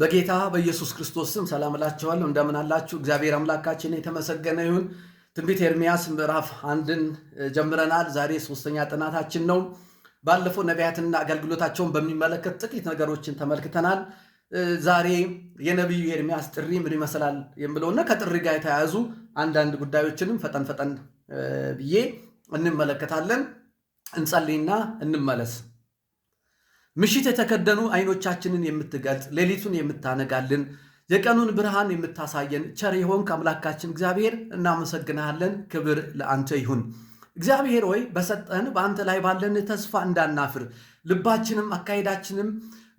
በጌታ በኢየሱስ ክርስቶስ ስም ሰላም እላችኋለሁ። እንደምን አላችሁ? እግዚአብሔር አምላካችን የተመሰገነ ይሁን። ትንቢት ኤርሚያስ ምዕራፍ አንድን ጀምረናል። ዛሬ ሶስተኛ ጥናታችን ነው። ባለፈው ነቢያትና አገልግሎታቸውን በሚመለከት ጥቂት ነገሮችን ተመልክተናል። ዛሬ የነቢዩ ኤርሚያስ ጥሪ ምን ይመስላል የምለውና ከጥሪ ጋር የተያያዙ አንዳንድ ጉዳዮችንም ፈጠን ፈጠን ብዬ እንመለከታለን። እንጸልይና እንመለስ። ምሽት የተከደኑ አይኖቻችንን የምትገልጥ ሌሊቱን የምታነጋልን የቀኑን ብርሃን የምታሳየን ቸር የሆንክ አምላካችን እግዚአብሔር እናመሰግናሃለን። ክብር ለአንተ ይሁን። እግዚአብሔር ሆይ በሰጠን በአንተ ላይ ባለን ተስፋ እንዳናፍር፣ ልባችንም አካሄዳችንም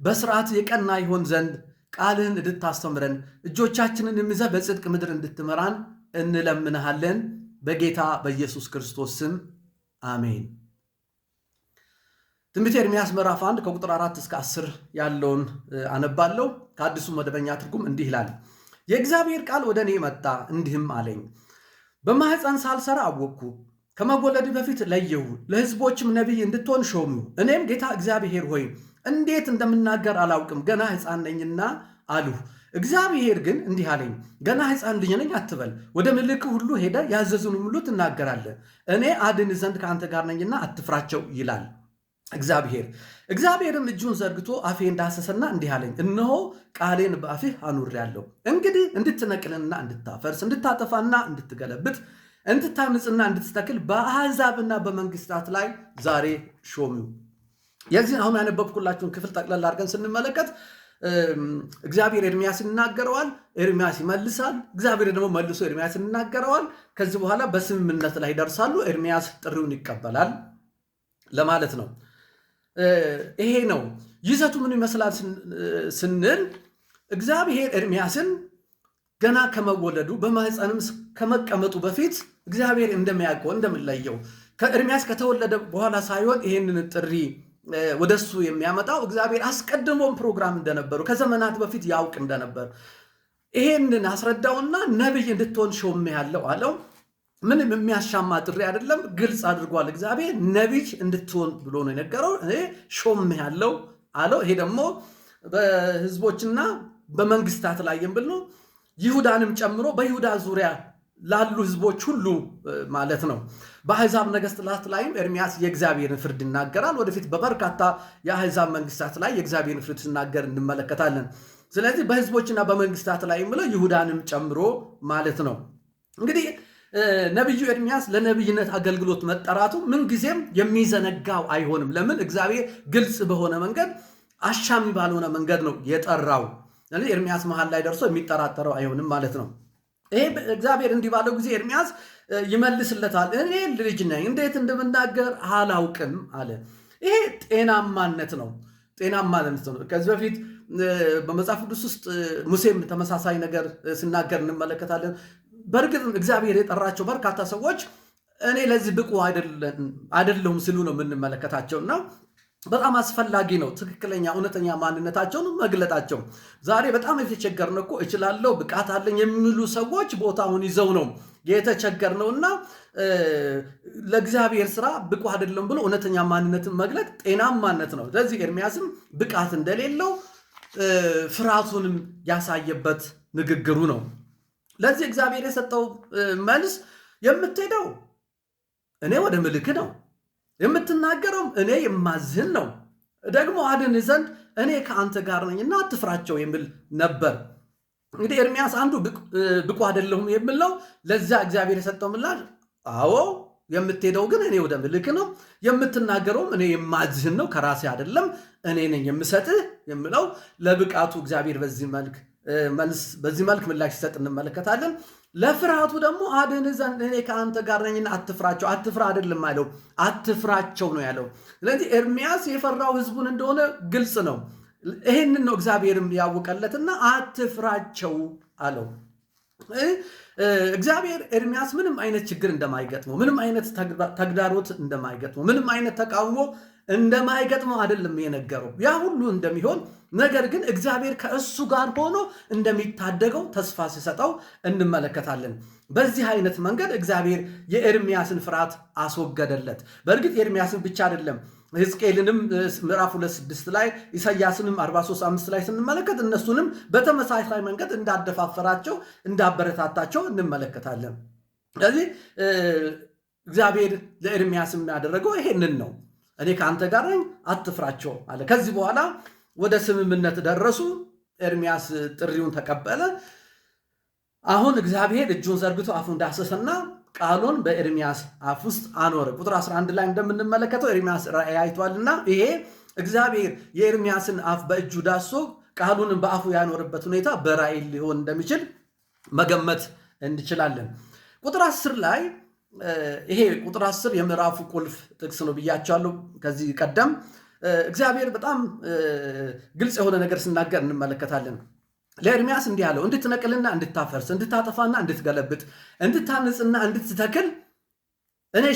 በስርዓት የቀና ይሆን ዘንድ ቃልህን እንድታስተምረን እጆቻችንን ይዘህ በጽድቅ ምድር እንድትመራን እንለምንሃለን። በጌታ በኢየሱስ ክርስቶስ ስም አሜን። ትንቢተ ኤርምያስ ምዕራፍ 1 ከቁጥር 4 እስከ 10 ያለውን አነባለሁ። ከአዲሱ መደበኛ ትርጉም እንዲህ ይላል። የእግዚአብሔር ቃል ወደ እኔ መጣ እንዲህም አለኝ፣ በማህፀን ሳልሰራ አወቅኩ፣ ከመወለድ በፊት ለየሁ፣ ለህዝቦችም ነቢይ እንድትሆን ሾሙ። እኔም ጌታ እግዚአብሔር ሆይ እንዴት እንደምናገር አላውቅም፣ ገና ህፃን ነኝና አልሁ። እግዚአብሔር ግን እንዲህ አለኝ፣ ገና ህፃን ልጅ ነኝ አትበል። ወደ ምልክ ሁሉ ሄደ፣ ያዘዙን ሁሉ ትናገራለህ። እኔ አድን ዘንድ ከአንተ ጋር ነኝና አትፍራቸው ይላል። እግዚአብሔር እግዚአብሔርም እጁን ዘርግቶ አፌ እንዳሰሰና እንዲህ አለኝ፣ እነሆ ቃሌን አኑር አኑሬአለሁ። እንግዲህ እንድትነቅልና እንድታፈርስ እንድታጠፋና እንድትገለብጥ እንድታንጽና እንድትተክል በአሕዛብና በመንግስታት ላይ ዛሬ ሾሚው። የዚህ አሁን ያነበብኩላችሁን ክፍል ጠቅለል አድርገን ስንመለከት እግዚአብሔር ኤርሚያስ ይናገረዋል፣ ኤርሚያስ ይመልሳል። እግዚአብሔር ደግሞ መልሶ ኤርሚያስ ይናገረዋል። ከዚህ በኋላ በስምምነት ላይ ይደርሳሉ። ኤርሚያስ ጥሪውን ይቀበላል ለማለት ነው። ይሄ ነው ይዘቱ። ምን ይመስላል ስንል እግዚአብሔር ኤርሚያስን ገና ከመወለዱ በማህፀንም ከመቀመጡ በፊት እግዚአብሔር እንደሚያውቀው እንደምንለየው ከኤርሚያስ ከተወለደ በኋላ ሳይሆን ይሄንን ጥሪ ወደሱ የሚያመጣው እግዚአብሔር አስቀድሞም ፕሮግራም እንደነበሩ ከዘመናት በፊት ያውቅ እንደነበር ይሄንን አስረዳውና ነቢይ እንድትሆን ያለው አለው። ምንም የሚያሻማ ጥሪ አይደለም። ግልጽ አድርጓል። እግዚአብሔር ነቢይ እንድትሆን ብሎ ነው የነገረው። ሾም ያለው አለው። ይሄ ደግሞ በህዝቦችና በመንግስታት ላይም የሚል ነው። ይሁዳንም ጨምሮ በይሁዳ ዙሪያ ላሉ ህዝቦች ሁሉ ማለት ነው። በአሕዛብ ነገሥታት ላይም ኤርሚያስ የእግዚአብሔርን ፍርድ ይናገራል። ወደፊት በበርካታ የአህዛብ መንግስታት ላይ የእግዚአብሔርን ፍርድ ሲናገር እንመለከታለን። ስለዚህ በህዝቦችና በመንግስታት ላይም ብለው ይሁዳንም ጨምሮ ማለት ነው እንግዲህ ነቢዩ ኤርሚያስ ለነቢይነት አገልግሎት መጠራቱ ምንጊዜም የሚዘነጋው አይሆንም። ለምን? እግዚአብሔር ግልጽ በሆነ መንገድ አሻሚ ባልሆነ መንገድ ነው የጠራው። ኤርሚያስ መሀል ላይ ደርሶ የሚጠራጠረው አይሆንም ማለት ነው። ይሄ እግዚአብሔር እንዲህ ባለው ጊዜ ኤርሚያስ ይመልስለታል። እኔ ልጅ ነኝ፣ እንዴት እንደምናገር አላውቅም አለ። ይሄ ጤናማነት ነው። ጤናማነት ነው። ከዚህ በፊት በመጽሐፍ ቅዱስ ውስጥ ሙሴም ተመሳሳይ ነገር ሲናገር እንመለከታለን። በእርግጥ እግዚአብሔር የጠራቸው በርካታ ሰዎች እኔ ለዚህ ብቁ አይደለሁም ሲሉ ነው የምንመለከታቸው እና በጣም አስፈላጊ ነው ትክክለኛ እውነተኛ ማንነታቸውን መግለጣቸው። ዛሬ በጣም የተቸገርነው እኮ እችላለሁ፣ ብቃት አለኝ የሚሉ ሰዎች ቦታውን ይዘው ነው የተቸገርነው እና ለእግዚአብሔር ስራ ብቁ አይደለም ብሎ እውነተኛ ማንነትን መግለጥ ጤናማነት ነው። ስለዚህ ኤርሚያስም ብቃት እንደሌለው ፍርሃቱንም ያሳየበት ንግግሩ ነው። ለዚህ እግዚአብሔር የሰጠው መልስ የምትሄደው እኔ ወደ ምልክ ነው የምትናገረውም እኔ የማዝህን ነው ደግሞ አድን ዘንድ እኔ ከአንተ ጋር ነኝ እና አትፍራቸው የሚል ነበር። እንግዲህ ኤርሚያስ አንዱ ብቁ አይደለሁም የምለው ለዚያ እግዚአብሔር የሰጠው ምላሽ አዎ የምትሄደው ግን እኔ ወደ ምልክ ነው የምትናገረውም እኔ የማዝህን ነው፣ ከራሴ አይደለም እኔ ነኝ የምሰጥህ የምለው ለብቃቱ እግዚአብሔር በዚህ መልክ መልስ በዚህ መልክ ምላሽ ሲሰጥ እንመለከታለን። ለፍርሃቱ ደግሞ አድን ዘንድ እኔ ከአንተ ጋር ነኝና አትፍራቸው። አትፍራ አይደለም አለው፣ አትፍራቸው ነው ያለው። ስለዚህ ኤርሚያስ የፈራው ህዝቡን እንደሆነ ግልጽ ነው። ይህንን ነው እግዚአብሔርም ያወቀለትና አትፍራቸው አለው። እግዚአብሔር ኤርሚያስ ምንም አይነት ችግር እንደማይገጥመው፣ ምንም አይነት ተግዳሮት እንደማይገጥመው፣ ምንም አይነት ተቃውሞ እንደማይገጥመው አይደለም የነገረው። ያ ሁሉ እንደሚሆን ነገር ግን እግዚአብሔር ከእሱ ጋር ሆኖ እንደሚታደገው ተስፋ ሲሰጠው እንመለከታለን። በዚህ አይነት መንገድ እግዚአብሔር የኤርሚያስን ፍርሃት አስወገደለት። በእርግጥ ኤርሚያስን ብቻ አይደለም ሕዝቅኤልንም ምዕራፍ 26 ላይ ኢሳያስንም 435 ላይ ስንመለከት እነሱንም በተመሳሳይ መንገድ እንዳደፋፈራቸው እንዳበረታታቸው እንመለከታለን። ስለዚህ እግዚአብሔር ለኤርሚያስ የሚያደረገው ይሄንን ነው። እኔ ከአንተ ጋር ነኝ፣ አትፍራቸው አለ። ከዚህ በኋላ ወደ ስምምነት ደረሱ። ኤርሚያስ ጥሪውን ተቀበለ። አሁን እግዚአብሔር እጁን ዘርግቶ አፉን እንዳሰሰና ቃሉን በኤርሚያስ አፍ ውስጥ አኖረ። ቁጥር 11 ላይ እንደምንመለከተው ኤርሚያስ ራእይ አይቷልና ይሄ እግዚአብሔር የኤርሚያስን አፍ በእጁ ዳሶ ቃሉንም በአፉ ያኖረበት ሁኔታ በራእይ ሊሆን እንደሚችል መገመት እንችላለን። ቁጥር 10 ላይ ይሄ ቁጥር አስር የምዕራፉ ቁልፍ ጥቅስ ነው ብያቸዋለሁ። ከዚህ ቀደም እግዚአብሔር በጣም ግልጽ የሆነ ነገር ስናገር እንመለከታለን። ለኤርሚያስ እንዲህ አለው፣ እንድትነቅልና እንድታፈርስ፣ እንድታጠፋና እንድትገለብጥ፣ እንድታንጽና እንድትተክል እኔ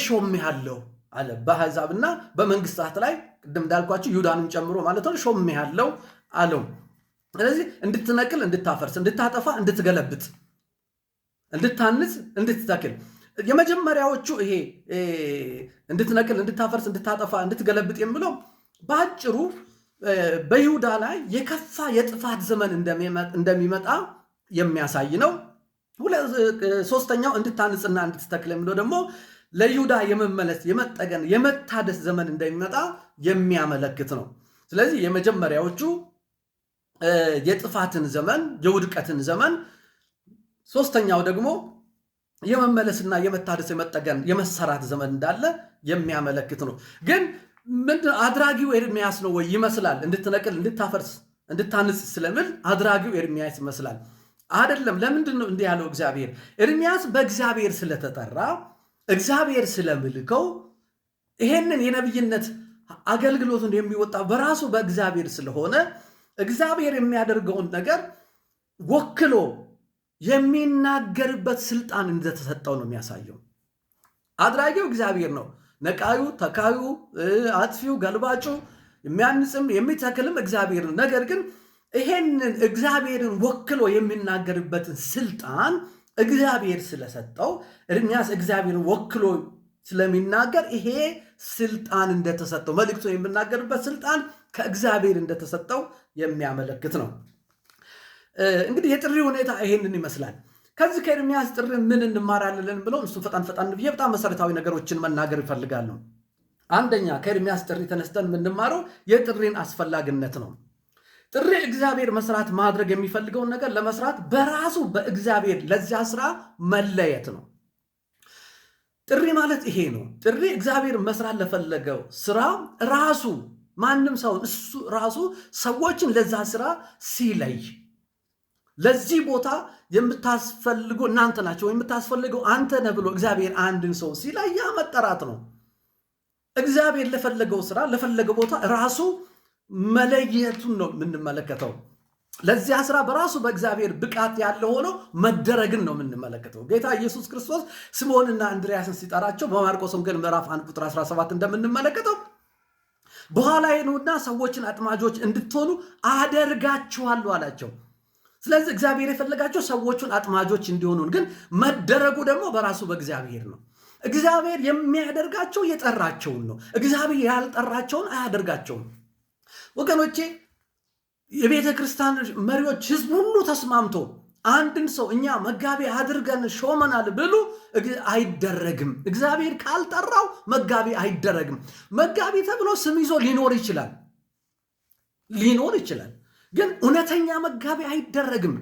ያለው አለ። በአሕዛብና በመንግስታት ላይ ቅድም እንዳልኳቸው ይሁዳንም ጨምሮ ማለት ነው ያለው አለው። ስለዚህ እንድትነቅል፣ እንድታፈርስ፣ እንድታጠፋ፣ እንድትገለብጥ፣ እንድታንጽ፣ እንድትተክል የመጀመሪያዎቹ ይሄ እንድትነቅል፣ እንድታፈርስ፣ እንድታጠፋ፣ እንድትገለብጥ የምለው በአጭሩ በይሁዳ ላይ የከፋ የጥፋት ዘመን እንደሚመጣ የሚያሳይ ነው። ሶስተኛው እንድታንጽና እንድትተክል የሚለው ደግሞ ለይሁዳ የመመለስ የመጠገን የመታደስ ዘመን እንደሚመጣ የሚያመለክት ነው። ስለዚህ የመጀመሪያዎቹ የጥፋትን ዘመን የውድቀትን ዘመን፣ ሶስተኛው ደግሞ የመመለስና የመታደስ የመጠገን የመሰራት ዘመን እንዳለ የሚያመለክት ነው። ግን አድራጊው ኤርሚያስ ነው ወይ ይመስላል። እንድትነቅል፣ እንድታፈርስ፣ እንድታንጽ ስለምል አድራጊው ኤርሚያስ ይመስላል። አይደለም። ለምንድን ነው እንዲህ ያለው? እግዚአብሔር ኤርሚያስ በእግዚአብሔር ስለተጠራ እግዚአብሔር ስለምልከው ይሄንን የነቢይነት አገልግሎቱን የሚወጣ በራሱ በእግዚአብሔር ስለሆነ እግዚአብሔር የሚያደርገውን ነገር ወክሎ የሚናገርበት ስልጣን እንደተሰጠው ነው የሚያሳየው። አድራጊው እግዚአብሔር ነው። ነቃዩ፣ ተካዩ፣ አጥፊው፣ ገልባጩ፣ የሚያንጽም የሚተክልም እግዚአብሔር ነው። ነገር ግን ይሄንን እግዚአብሔርን ወክሎ የሚናገርበትን ስልጣን እግዚአብሔር ስለሰጠው ኤርምያስ እግዚአብሔርን ወክሎ ስለሚናገር ይሄ ስልጣን እንደተሰጠው መልእክቱ የሚናገርበት ስልጣን ከእግዚአብሔር እንደተሰጠው የሚያመለክት ነው። እንግዲህ የጥሪ ሁኔታ ይሄንን ይመስላል። ከዚህ ከኤርሚያስ ጥሪ ምን እንማራለን ብለው እሱ ፈጣን ፈጣን ብዬ በጣም መሰረታዊ ነገሮችን መናገር ይፈልጋሉ። አንደኛ ከኤርሚያስ ጥሪ ተነስተን የምንማረው የጥሪን አስፈላጊነት ነው። ጥሪ እግዚአብሔር መስራት ማድረግ የሚፈልገውን ነገር ለመስራት በራሱ በእግዚአብሔር ለዚያ ስራ መለየት ነው። ጥሪ ማለት ይሄ ነው። ጥሪ እግዚአብሔር መስራት ለፈለገው ስራ ራሱ ማንም ሰውን እሱ ራሱ ሰዎችን ለዛ ስራ ሲለይ ለዚህ ቦታ የምታስፈልጉ እናንተ ናቸው፣ ወይ የምታስፈልገው አንተ ነህ ብሎ እግዚአብሔር አንድን ሰው ሲላ ያ መጠራት ነው። እግዚአብሔር ለፈለገው ስራ ለፈለገው ቦታ ራሱ መለየቱን ነው የምንመለከተው። ለዚያ ስራ በራሱ በእግዚአብሔር ብቃት ያለ ሆኖ መደረግን ነው የምንመለከተው። ጌታ ኢየሱስ ክርስቶስ ስምዖንና እንድርያስን ሲጠራቸው በማርቆስ ወንጌል ምዕራፍ 1 ቁጥር 17 እንደምንመለከተው በኋላ ኑና ሰዎችን አጥማጆች እንድትሆኑ አደርጋችኋለሁ አላቸው። ስለዚህ እግዚአብሔር የፈለጋቸው ሰዎቹን አጥማጆች እንዲሆኑን፣ ግን መደረጉ ደግሞ በራሱ በእግዚአብሔር ነው። እግዚአብሔር የሚያደርጋቸው የጠራቸውን ነው። እግዚአብሔር ያልጠራቸውን አያደርጋቸውም። ወገኖቼ የቤተ ክርስቲያን መሪዎች፣ ህዝብ ሁሉ ተስማምቶ አንድን ሰው እኛ መጋቢ አድርገን ሾመናል ብሉ አይደረግም። እግዚአብሔር ካልጠራው መጋቢ አይደረግም። መጋቢ ተብሎ ስም ይዞ ሊኖር ይችላል ሊኖር ይችላል ግን እውነተኛ መጋቢ አይደረግም።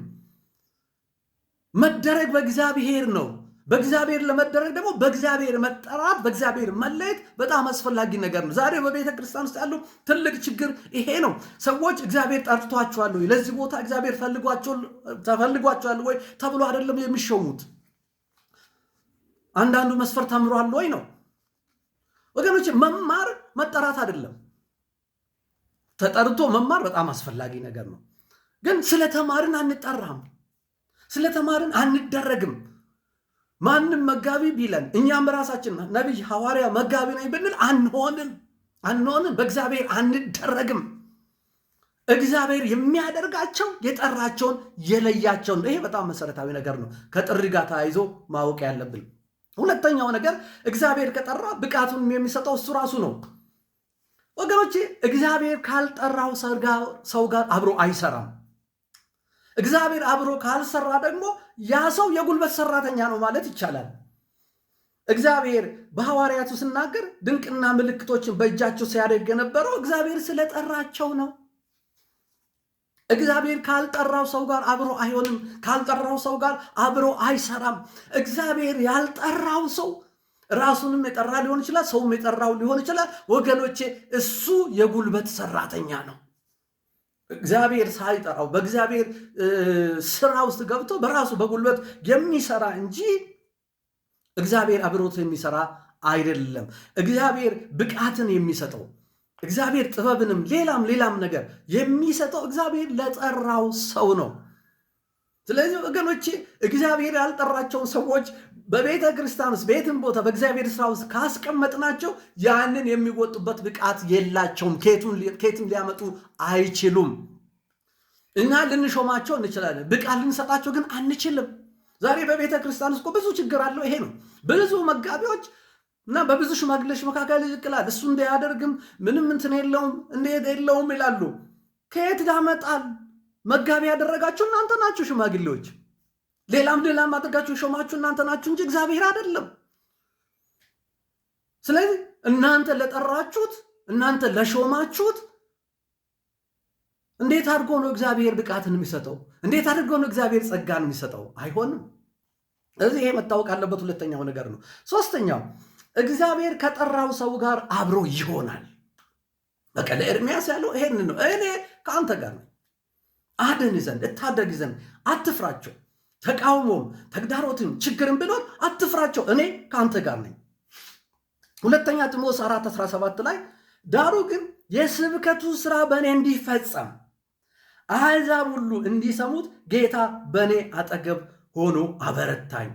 መደረግ በእግዚአብሔር ነው። በእግዚአብሔር ለመደረግ ደግሞ በእግዚአብሔር መጠራት፣ በእግዚአብሔር መለየት በጣም አስፈላጊ ነገር ነው። ዛሬ በቤተ ክርስቲያን ውስጥ ያለው ትልቅ ችግር ይሄ ነው። ሰዎች እግዚአብሔር ጠርቷቸዋል ወይ? ለዚህ ቦታ እግዚአብሔር ተፈልጓቸዋል ወይ ተብሎ አይደለም የሚሾሙት። አንዳንዱ መስፈር ተምሯል ወይ ነው። ወገኖች፣ መማር መጠራት አይደለም። ተጠርቶ መማር በጣም አስፈላጊ ነገር ነው። ግን ስለ ተማርን አንጠራም፣ ስለ ተማርን አንደረግም። ማንም መጋቢ ቢለን እኛም ራሳችን ነቢይ፣ ሐዋርያ፣ መጋቢ ነኝ ብንል አንሆንም፣ አንሆንም። በእግዚአብሔር አንደረግም። እግዚአብሔር የሚያደርጋቸው የጠራቸውን የለያቸውን። ይሄ በጣም መሰረታዊ ነገር ነው፣ ከጥሪ ጋር ተያይዞ ማወቅ ያለብን። ሁለተኛው ነገር እግዚአብሔር ከጠራ ብቃቱን የሚሰጠው እሱ ራሱ ነው። ወገኖቼ እግዚአብሔር ካልጠራው ሰው ጋር አብሮ አይሰራም። እግዚአብሔር አብሮ ካልሰራ ደግሞ ያ ሰው የጉልበት ሰራተኛ ነው ማለት ይቻላል። እግዚአብሔር በሐዋርያቱ ስናገር ድንቅና ምልክቶችን በእጃቸው ሲያደርግ የነበረው እግዚአብሔር ስለጠራቸው ነው። እግዚአብሔር ካልጠራው ሰው ጋር አብሮ አይሆንም። ካልጠራው ሰው ጋር አብሮ አይሰራም። እግዚአብሔር ያልጠራው ሰው ራሱንም የጠራ ሊሆን ይችላል፣ ሰውም የጠራው ሊሆን ይችላል። ወገኖቼ እሱ የጉልበት ሰራተኛ ነው። እግዚአብሔር ሳይጠራው በእግዚአብሔር ስራ ውስጥ ገብቶ በራሱ በጉልበት የሚሰራ እንጂ እግዚአብሔር አብሮት የሚሰራ አይደለም። እግዚአብሔር ብቃትን የሚሰጠው እግዚአብሔር ጥበብንም ሌላም ሌላም ነገር የሚሰጠው እግዚአብሔር ለጠራው ሰው ነው። ስለዚህ ወገኖቼ እግዚአብሔር ያልጠራቸውን ሰዎች በቤተ ክርስቲያን ውስጥ ቤትን ቦታ በእግዚአብሔር ስራ ውስጥ ካስቀመጥናቸው ያንን የሚወጡበት ብቃት የላቸውም። ኬትም ሊያመጡ አይችሉም። እኛ ልንሾማቸው እንችላለን፣ ብቃት ልንሰጣቸው ግን አንችልም። ዛሬ በቤተ ክርስቲያን ውስጥ ብዙ ችግር አለው። ይሄ ነው ብዙ መጋቢዎች እና በብዙ ሽማግሌዎች መካከል ይቅላል። እሱ እንዳያደርግም ምንም እንትን የለውም እንዴት የለውም ይላሉ። ከየት ያመጣል? መጋቢ ያደረጋችሁ እናንተ ናችሁ ሽማግሌዎች። ሌላም ሌላም አድርጋችሁ የሾማችሁ እናንተ ናችሁ እንጂ እግዚአብሔር አይደለም። ስለዚህ እናንተ ለጠራችሁት፣ እናንተ ለሾማችሁት እንዴት አድርጎ ነው እግዚአብሔር ብቃትን የሚሰጠው? እንዴት አድርጎ ነው እግዚአብሔር ጸጋን የሚሰጠው? አይሆንም። እዚህ ይሄ መታወቅ አለበት። ሁለተኛው ነገር ነው። ሶስተኛው እግዚአብሔር ከጠራው ሰው ጋር አብሮ ይሆናል። በቃ ለኤርሚያስ ያለው ይሄን ነው። እኔ ከአንተ ጋር ነው፣ አድን ዘንድ እታደግ ዘንድ አትፍራቸው ተቃውሞም ተግዳሮትም ችግርም ብኖር አትፍራቸው፣ እኔ ከአንተ ጋር ነኝ። ሁለተኛ ጢሞቴዎስ 4 17 ላይ ዳሩ ግን የስብከቱ ስራ በእኔ እንዲፈጸም አሕዛብ ሁሉ እንዲሰሙት ጌታ በእኔ አጠገብ ሆኖ አበረታኝ፣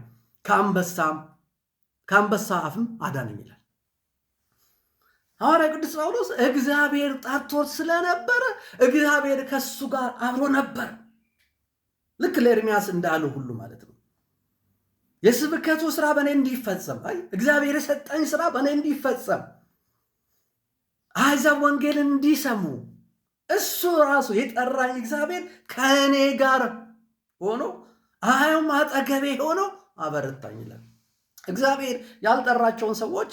ከአንበሳ አፍም አዳነኝ ይላል። ሐዋርያ ቅዱስ ጳውሎስ እግዚአብሔር ጠርቶት ስለነበረ እግዚአብሔር ከሱ ጋር አብሮ ነበር። ልክ ለኤርሚያስ እንዳለው ሁሉ ማለት ነው። የስብከቱ ስራ በእኔ እንዲፈጸም፣ አይ እግዚአብሔር የሰጠኝ ስራ በእኔ እንዲፈጸም፣ አሕዛብ ወንጌል እንዲሰሙ እሱ ራሱ የጠራኝ እግዚአብሔር ከእኔ ጋር ሆኖ አሁም አጠገቤ ሆኖ አበረታኝ ይላል። እግዚአብሔር ያልጠራቸውን ሰዎች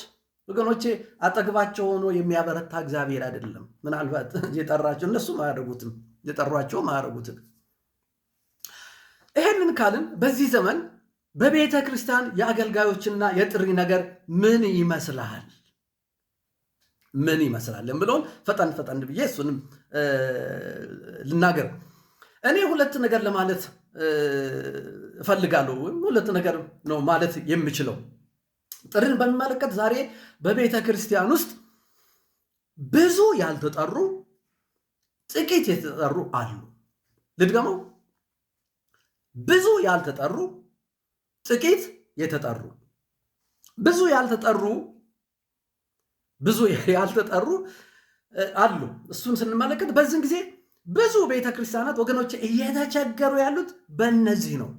ወገኖቼ አጠግባቸው ሆኖ የሚያበረታ እግዚአብሔር አይደለም። ምናልባት የጠራቸው እነሱ አያደርጉትም፣ የጠሯቸውም አያደርጉትም። ይህንን ካልን በዚህ ዘመን በቤተ ክርስቲያን የአገልጋዮችና የጥሪ ነገር ምን ይመስልሃል? ምን ይመስላል ብለውን ፈጠን ፈጠን ብዬ እሱንም ልናገር። እኔ ሁለት ነገር ለማለት እፈልጋለሁ፣ ወይም ሁለት ነገር ነው ማለት የምችለው ጥሪን በሚመለከት። ዛሬ በቤተ ክርስቲያን ውስጥ ብዙ ያልተጠሩ ጥቂት የተጠሩ አሉ። ልድገመው። ብዙ ያልተጠሩ ጥቂት የተጠሩ ብዙ ያልተጠሩ ብዙ ያልተጠሩ አሉ። እሱን ስንመለከት በዚህን ጊዜ ብዙ ቤተክርስቲያናት ወገኖች እየተቸገሩ ያሉት በእነዚህ ነው።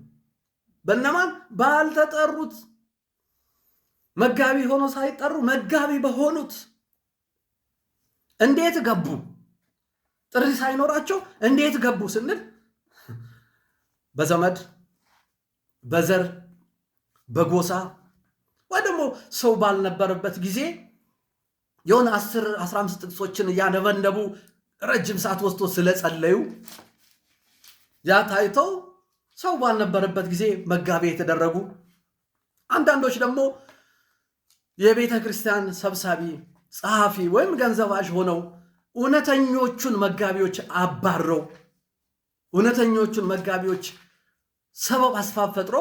በነማን ባልተጠሩት፣ መጋቢ ሆኖ ሳይጠሩ መጋቢ በሆኑት። እንዴት ገቡ? ጥሪ ሳይኖራቸው እንዴት ገቡ ስንል በዘመድ በዘር በጎሳ ወይ ደግሞ ሰው ባልነበረበት ጊዜ የሆነ አስር አስራ አምስት ጥቅሶችን እያነበነቡ ረጅም ሰዓት ወስዶ ስለጸለዩ ያ ታይተው ሰው ባልነበረበት ጊዜ መጋቢ የተደረጉ አንዳንዶች ደግሞ የቤተ ክርስቲያን ሰብሳቢ፣ ጸሐፊ ወይም ገንዘባዥ ሆነው እውነተኞቹን መጋቢዎች አባረው እውነተኞቹን መጋቢዎች ሰበብ አስፋብ ፈጥሮ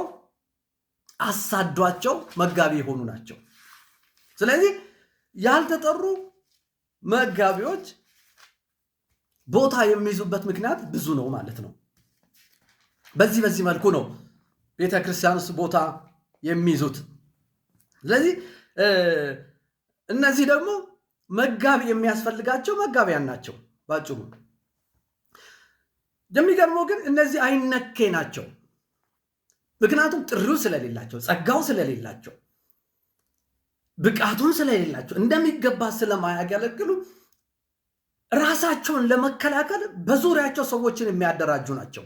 አሳዷቸው መጋቢ የሆኑ ናቸው። ስለዚህ ያልተጠሩ መጋቢዎች ቦታ የሚይዙበት ምክንያት ብዙ ነው ማለት ነው። በዚህ በዚህ መልኩ ነው ቤተ ክርስቲያን ውስጥ ቦታ የሚይዙት። ስለዚህ እነዚህ ደግሞ መጋቢ የሚያስፈልጋቸው መጋቢያን ናቸው ባጭሩ። የሚገርመው ግን እነዚህ አይነኬ ናቸው። ምክንያቱም ጥሪው ስለሌላቸው፣ ጸጋው ስለሌላቸው፣ ብቃቱን ስለሌላቸው እንደሚገባ ስለማያገለግሉ ራሳቸውን ለመከላከል በዙሪያቸው ሰዎችን የሚያደራጁ ናቸው።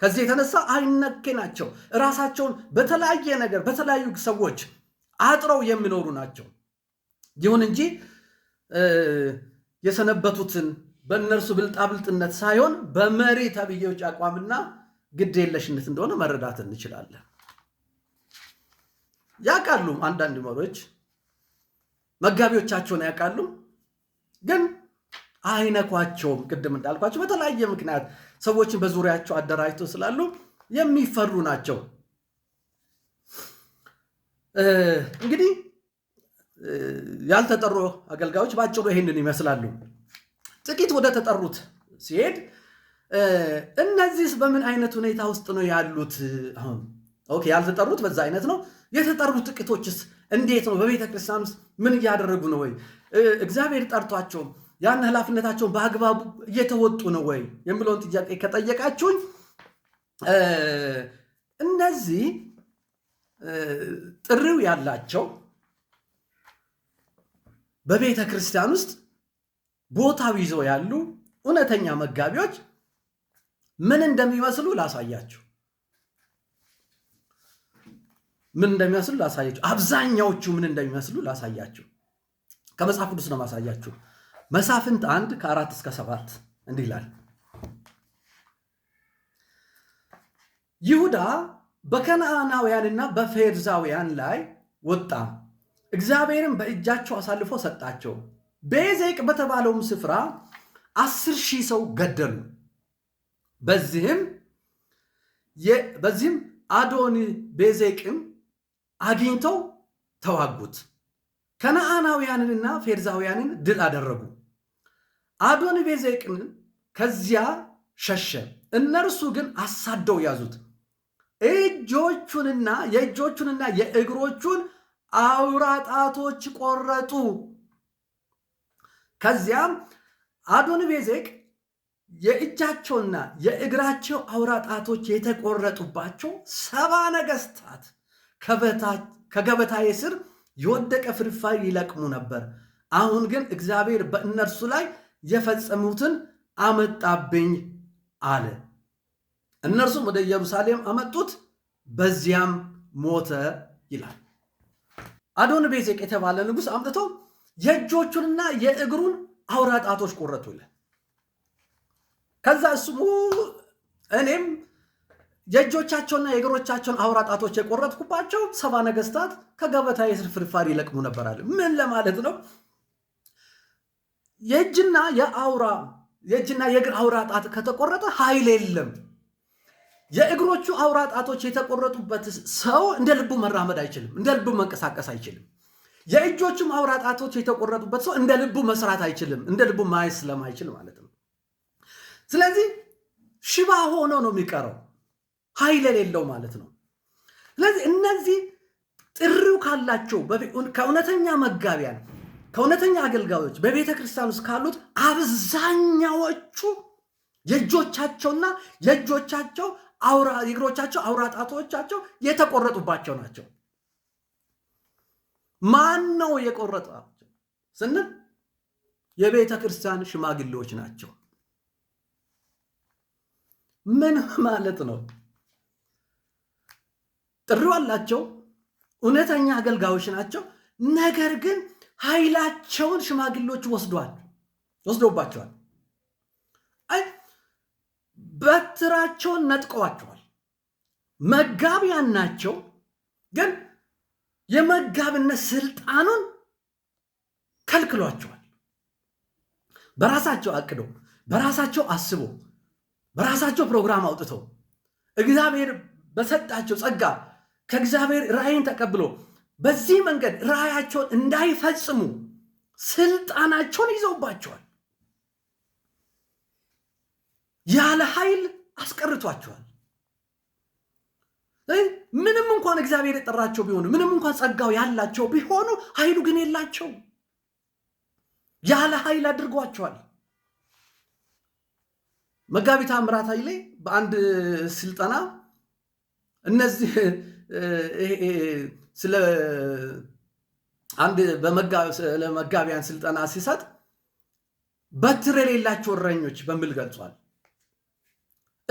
ከዚህ የተነሳ አይነኬ ናቸው። ራሳቸውን በተለያየ ነገር በተለያዩ ሰዎች አጥረው የሚኖሩ ናቸው። ይሁን እንጂ የሰነበቱትን በእነርሱ ብልጣብልጥነት ሳይሆን በመሪ ተብዬዎች አቋምና ግድ የለሽነት እንደሆነ መረዳት እንችላለን። ያውቃሉ አንዳንድ መሪዎች መጋቢዎቻቸውን ያውቃሉ፣ ግን አይነኳቸውም። ቅድም እንዳልኳቸው በተለያየ ምክንያት ሰዎችን በዙሪያቸው አደራጅቶ ስላሉ የሚፈሩ ናቸው። እንግዲህ ያልተጠሩ አገልጋዮች በአጭሩ ይሄንን ይመስላሉ። ጥቂት ወደ ተጠሩት ሲሄድ እነዚህስ በምን አይነት ሁኔታ ውስጥ ነው ያሉት? ኦኬ፣ ያልተጠሩት በዛ አይነት ነው። የተጠሩት ጥቂቶችስ እንዴት ነው? በቤተ ክርስቲያን ውስጥ ምን እያደረጉ ነው? ወይ እግዚአብሔር ጠርቷቸው ያን ኃላፊነታቸውን በአግባቡ እየተወጡ ነው ወይ የሚለውን ጥያቄ ከጠየቃችሁኝ እነዚህ ጥሪው ያላቸው በቤተ ክርስቲያን ውስጥ ቦታው ይዘው ያሉ እውነተኛ መጋቢዎች ምን እንደሚመስሉ ላሳያችሁ ምን እንደሚመስሉ ላሳያችሁ አብዛኛዎቹ ምን እንደሚመስሉ ላሳያችሁ ከመጽሐፍ ቅዱስ ነው ማሳያችሁ መሳፍንት አንድ ከአራት እስከ ሰባት እንዲህ ይላል ይሁዳ በከነአናውያንና በፌርዛውያን ላይ ወጣ እግዚአብሔርም በእጃቸው አሳልፎ ሰጣቸው በኤዜቅ በተባለውም ስፍራ አስር ሺህ ሰው ገደሉ በዚህም በዚህም አዶኒ ቤዜቅም አግኝተው ተዋጉት። ከነአናውያንንና ፌርዛውያንን ድል አደረጉ። አዶኒ ቤዜቅን ከዚያ ሸሸ። እነርሱ ግን አሳደው ያዙት። እጆቹንና የእጆቹንና የእግሮቹን አውራጣቶች ቆረጡ። ከዚያም አዶኒ ቤዜቅ የእጃቸውና የእግራቸው አውራ ጣቶች የተቆረጡባቸው ሰባ ነገስታት ከገበታዬ ስር የወደቀ ፍርፋሪ ይለቅሙ ነበር። አሁን ግን እግዚአብሔር በእነርሱ ላይ የፈጸሙትን አመጣብኝ አለ። እነርሱም ወደ ኢየሩሳሌም አመጡት፣ በዚያም ሞተ ይላል። አዶን ቤዜቅ የተባለ ንጉሥ አምጥቶ የእጆቹንና የእግሩን አውራ ጣቶች ቆረጡ ይላል። ከዛ እሱ እኔም የእጆቻቸውና የእግሮቻቸውን አውራ ጣቶች የቆረጥኩባቸው ሰባ ነገስታት ከገበታ የስር ፍርፋሪ ይለቅሙ ነበራል። ምን ለማለት ነው? የእጅና የአውራ የእጅና የእግር አውራ ጣት ከተቆረጠ ኃይል የለም። የእግሮቹ አውራ ጣቶች የተቆረጡበት ሰው እንደ ልቡ መራመድ አይችልም፣ እንደ ልቡ መንቀሳቀስ አይችልም። የእጆቹም አውራ ጣቶች የተቆረጡበት ሰው እንደ ልቡ መስራት አይችልም፣ እንደ ልቡ ማየት ስለማይችል ማለት ነው። ስለዚህ ሽባ ሆኖ ነው የሚቀረው፣ ኃይል የሌለው ማለት ነው። ስለዚህ እነዚህ ጥሪው ካላቸው ከእውነተኛ መጋቢያን ከእውነተኛ አገልጋዮች በቤተ ክርስቲያን ውስጥ ካሉት አብዛኛዎቹ የእጆቻቸውና የእጆቻቸው የእግሮቻቸው አውራ ጣቶቻቸው የተቆረጡባቸው ናቸው። ማን ነው የቆረጣቸው ስንል የቤተ ክርስቲያን ሽማግሌዎች ናቸው። ምን ማለት ነው? ጥሪው አላቸው። እውነተኛ አገልጋዮች ናቸው። ነገር ግን ኃይላቸውን ሽማግሌዎች ወስዷል ወስዶባቸዋል። አይ በትራቸውን ነጥቀዋቸዋል። መጋቢያን ናቸው፣ ግን የመጋብነት ስልጣኑን ከልክሏቸዋል። በራሳቸው አቅዶ በራሳቸው አስቦ በራሳቸው ፕሮግራም አውጥተው እግዚአብሔር በሰጣቸው ጸጋ ከእግዚአብሔር ራእይን ተቀብሎ በዚህ መንገድ ራእያቸውን እንዳይፈጽሙ ስልጣናቸውን ይዘውባቸዋል። ያለ ኃይል አስቀርቷቸዋል። ምንም እንኳን እግዚአብሔር የጠራቸው ቢሆኑ፣ ምንም እንኳን ጸጋው ያላቸው ቢሆኑ ኃይሉ ግን የላቸው። ያለ ኃይል አድርጓቸዋል። መጋቢት አምራት ኃይሌ በአንድ ስልጠና እነዚህ ስለ አንድ ስልጠና ሲሰጥ በትር የሌላቸው እረኞች በሚል ገልጿል።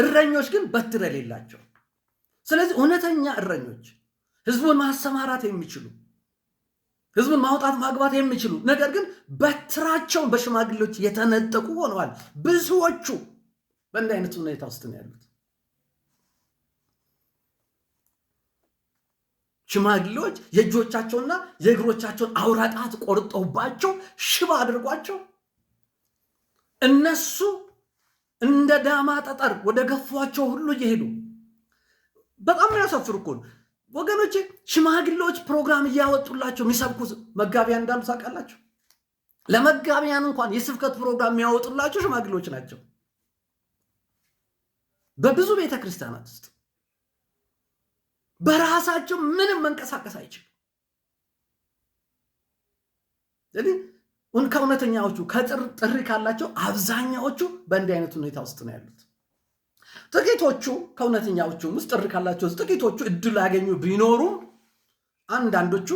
እረኞች ግን በትር የሌላቸው ስለዚህ እውነተኛ እረኞች ህዝቡን ማሰማራት የሚችሉ ህዝቡን ማውጣት ማግባት የሚችሉ ነገር ግን በትራቸውን በሽማግሌዎች የተነጠቁ ሆነዋል ብዙዎቹ። በእንዲህ አይነት ሁኔታ ውስጥ ነው ያሉት። ሽማግሌዎች የእጆቻቸውና የእግሮቻቸውን አውራ ጣት ቆርጠውባቸው ሽባ አድርጓቸው እነሱ እንደ ዳማ ጠጠር ወደ ገፏቸው ሁሉ እየሄዱ በጣም የሚያሳፍር ያሳፍሩ እኮ ሽማግሌዎች ፕሮግራም እያወጡላቸው የሚሰብኩት መጋቢያን እንዳሉ ታውቃላቸው። ለመጋቢያን እንኳን የስብከት ፕሮግራም የሚያወጡላቸው ሽማግሌዎች ናቸው። በብዙ ቤተ ክርስቲያናት ውስጥ በራሳቸው ምንም መንቀሳቀስ አይችልም። ስለዚህ ከእውነተኛዎቹ ጥሪ ካላቸው አብዛኛዎቹ በእንዲህ አይነት ሁኔታ ውስጥ ነው ያሉት። ጥቂቶቹ ከእውነተኛዎቹ ውስጥ ጥሪ ካላቸው ጥቂቶቹ እድል ያገኙ ቢኖሩም አንዳንዶቹ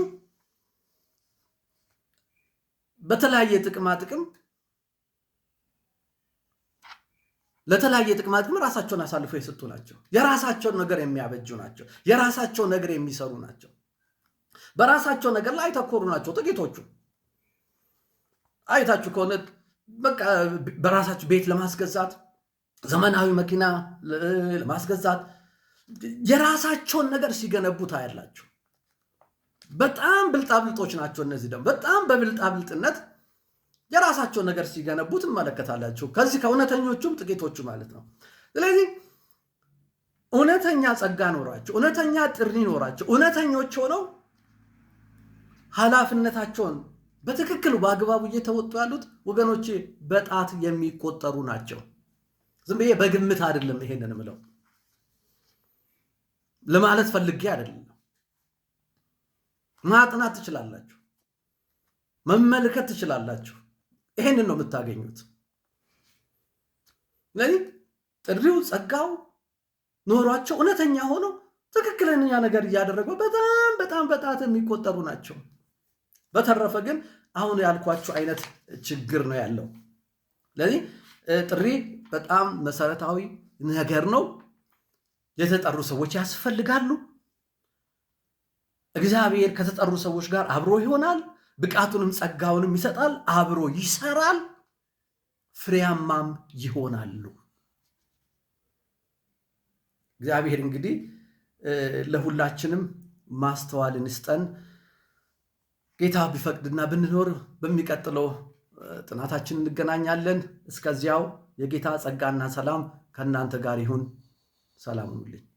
በተለያየ ጥቅማ ጥቅም ለተለያየ ጥቅማ ጥቅም ራሳቸውን አሳልፎ የሰጡ ናቸው። የራሳቸውን ነገር የሚያበጁ ናቸው። የራሳቸው ነገር የሚሰሩ ናቸው። በራሳቸው ነገር ላይ የተኮሩ ናቸው ጥቂቶቹ። አይታችሁ ከሆነ በቃ በራሳቸው ቤት ለማስገዛት ዘመናዊ መኪና ለማስገዛት የራሳቸውን ነገር ሲገነቡ ታያላችሁ። በጣም ብልጣብልጦች ናቸው። እነዚህ ደግሞ በጣም በብልጣብልጥነት የራሳቸው ነገር ሲገነቡ ትመለከታላችሁ። ከዚህ ከእውነተኞቹም ጥቂቶቹ ማለት ነው። ስለዚህ እውነተኛ ጸጋ ኖራቸው፣ እውነተኛ ጥሪ ኖራቸው፣ እውነተኞች ሆነው ኃላፊነታቸውን በትክክል በአግባቡ እየተወጡ ያሉት ወገኖቼ በጣት የሚቆጠሩ ናቸው። ዝም ብዬ በግምት አይደለም ይሄንን ምለው ለማለት ፈልጌ አይደለም። ማጥናት ትችላላችሁ፣ መመልከት ትችላላችሁ። ይሄንን ነው የምታገኙት። ስለዚህ ጥሪው ጸጋው ኖሯቸው እውነተኛ ሆኖ ትክክለኛ ነገር እያደረገ በጣም በጣም በጣት የሚቆጠሩ ናቸው። በተረፈ ግን አሁን ያልኳቸው አይነት ችግር ነው ያለው። ስለዚህ ጥሪ በጣም መሰረታዊ ነገር ነው። የተጠሩ ሰዎች ያስፈልጋሉ። እግዚአብሔር ከተጠሩ ሰዎች ጋር አብሮ ይሆናል። ብቃቱንም ጸጋውንም ይሰጣል፣ አብሮ ይሰራል፣ ፍሬያማም ይሆናሉ። እግዚአብሔር እንግዲህ ለሁላችንም ማስተዋልን ስጠን። ጌታ ቢፈቅድና ብንኖር በሚቀጥለው ጥናታችን እንገናኛለን። እስከዚያው የጌታ ጸጋና ሰላም ከእናንተ ጋር ይሁን። ሰላም ሁኑልኝ።